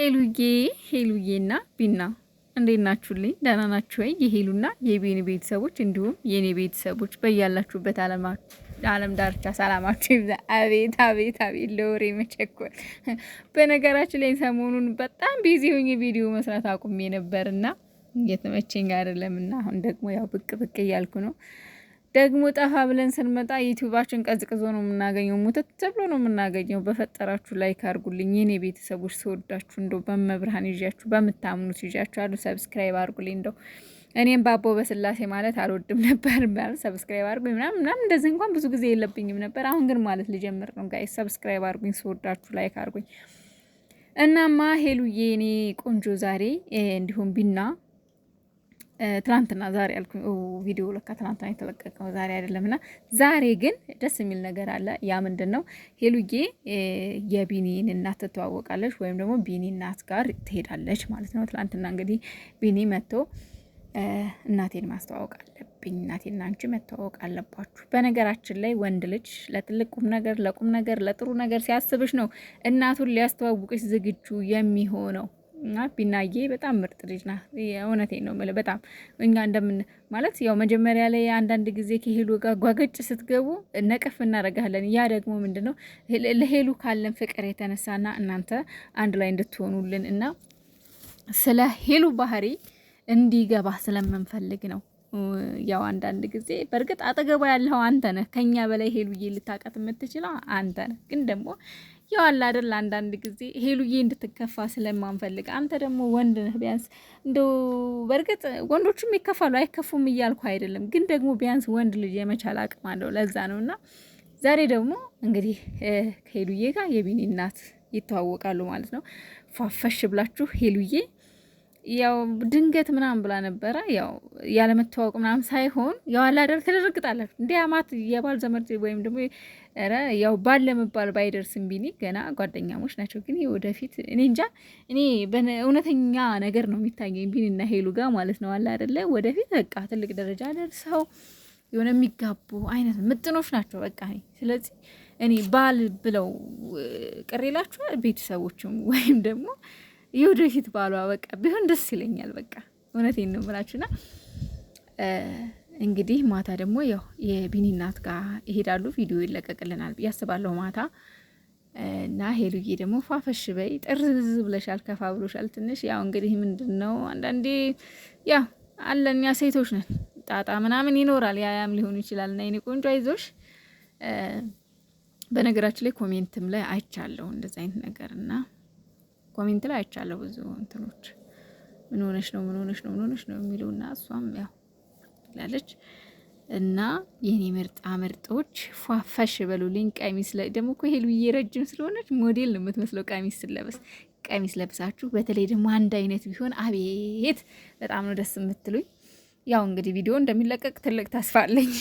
ሄሉዬ ሄሉዬና ቢና እንዴት ናችሁልኝ? ደህና ናችሁ ወይ? የሄሉና የቢን ቤተሰቦች እንዲሁም የኔ ቤተሰቦች በያላችሁበት ዓለም ዳርቻ ሰላማችሁ ይብዛ። አቤት አቤት አቤት ለወሬ መቸኮል። በነገራችን ላይ ሰሞኑን በጣም ቢዚ ሆኜ ቪዲዮ መስራት አቁሜ ነበርና እየተመቸኝ አይደለምና አሁን ደግሞ ያው ብቅ ብቅ እያልኩ ነው። ደግሞ ጠፋ ብለን ስንመጣ ዩቲዩባችን ቀዝቅዞ ነው የምናገኘው፣ ሙተት ተብሎ ነው የምናገኘው። በፈጠራችሁ ላይክ አድርጉልኝ የኔ ቤተሰቦች፣ ስወዳችሁ እንደ በመብርሃን ይዣችሁ በምታምኑት ይዣችሁ አሉ። ሰብስክራይብ አድርጉልኝ እንደው እኔም በአቦ በስላሴ ማለት አልወድም ነበር ማለት ሰብስክራይብ አድርጉኝ ምናምን ምናምን እንደዚህ እንኳን ብዙ ጊዜ የለብኝም ነበር። አሁን ግን ማለት ልጀምር ነው ጋይ ሰብስክራይብ አድርጉኝ፣ ስወዳችሁ ላይክ አድርጉኝ። እናማ ሄሉዬ እኔ ቆንጆ ዛሬ እንዲሁም ቢና ትናንትና ዛሬ ያልኩ ቪዲዮ ለካ ትናንትና የተለቀቀው ዛሬ አይደለም። እና ዛሬ ግን ደስ የሚል ነገር አለ። ያ ምንድን ነው? ሄሉዬ የቢኒን እናት ትተዋወቃለች ወይም ደግሞ ቢኒ እናት ጋር ትሄዳለች ማለት ነው። ትናንትና እንግዲህ ቢኒ መጥቶ እናቴን ማስተዋወቅ አለብኝ፣ እናቴና አንቺ መተዋወቅ አለባችሁ። በነገራችን ላይ ወንድ ልጅ ለትልቅ ቁም ነገር፣ ለቁም ነገር፣ ለጥሩ ነገር ሲያስብሽ ነው እናቱን ሊያስተዋውቅሽ ዝግጁ የሚሆነው እና ቢናዬ በጣም ምርጥ ልጅ ናት። እውነቴ ነው የምልህ። በጣም እኛ እንደምን ማለት ያው መጀመሪያ ላይ አንዳንድ ጊዜ ከሄሉ ጋር ጓገጭ ስትገቡ ነቀፍ እናደርጋለን። ያ ደግሞ ምንድን ነው ለሄሉ ካለን ፍቅር የተነሳና እናንተ አንድ ላይ እንድትሆኑልን እና ስለ ሄሉ ባህሪ እንዲገባ ስለምንፈልግ ነው። ያው አንዳንድ ጊዜ በእርግጥ አጠገቧ ያለው አንተ ነህ። ከኛ በላይ ሄሉዬ ልታውቃት የምትችለው አንተ ነህ። ግን ደግሞ ያው አለ አይደል አንዳንድ ጊዜ ሄሉዬ እንድትከፋ ስለማንፈልግ፣ አንተ ደግሞ ወንድ ነህ። ቢያንስ እንደው በእርግጥ ወንዶቹም ይከፋሉ አይከፉም እያልኩ አይደለም፣ ግን ደግሞ ቢያንስ ወንድ ልጅ የመቻል አቅም አለው። ለዛ ነው እና ዛሬ ደግሞ እንግዲህ ከሄሉዬ ጋር የቢኒ እናት ይተዋወቃሉ ማለት ነው። ፏፈሽ ብላችሁ ሄሉዬ ያው ድንገት ምናምን ብላ ነበረ። ያው ያለመተዋወቅ ምናምን ሳይሆን ያው አላደር ትደረግጣለች እንዲ ማት የባል ዘመድ ወይም ደግሞ ያው ባል ለመባል ባይደርስም ቢኒ ገና ጓደኛሞች ናቸው። ግን ወደፊት እኔ እንጃ እኔ እውነተኛ ነገር ነው የሚታየኝ ቢኒና ሄሉ ጋር ማለት ነው። አላ አደለ ወደፊት በቃ ትልቅ ደረጃ ደርሰው የሆነ የሚጋቡ አይነት ምጥኖች ናቸው። በቃ ስለዚህ እኔ ባል ብለው ቅር ቤተሰቦችም ወይም ደግሞ የወደፊት ባሏ በቃ ቢሆን ደስ ይለኛል። በቃ እውነት ነው የምላችሁና እንግዲህ ማታ ደግሞ ያው የቢኒ እናት ጋር ይሄዳሉ። ቪዲዮ ይለቀቅልናል ብዬ አስባለሁ ማታ እና ሄሉዬ ደግሞ ፋፈሽ በይ ጥርዝ ብለሻል፣ ከፋ ብሎሻል ትንሽ። ያው እንግዲህ ምንድን ነው አንዳንዴ ያው አለኛ ሴቶች ነን ጣጣ ምናምን ይኖራል። ያያም ሊሆን ይችላል። እና የኔ ቆንጆ አይዞሽ። በነገራችን ላይ ኮሜንትም ላይ አይቻለሁ እንደዚ አይነት ነገር እና ኮሜንት ላይ አይቻለሁ ብዙ እንትኖች ምን ሆነሽ ነው ምን ሆነሽ ነው ምን ሆነሽ ነው የሚሉ እና እሷም ያው ላለች እና የኔ ምርጣ ምርጦች ፏፈሽ በሉልኝ። ቀሚስ ደግሞ እኮ ይሄ ረጅም ስለሆነች ሞዴል ነው የምትመስለው ቀሚስ ስለበስ ቀሚስ ለብሳችሁ በተለይ ደግሞ አንድ አይነት ቢሆን አቤት በጣም ነው ደስ የምትሉኝ። ያው እንግዲህ ቪዲዮ እንደሚለቀቅ ትልቅ ተስፋ አለኝ።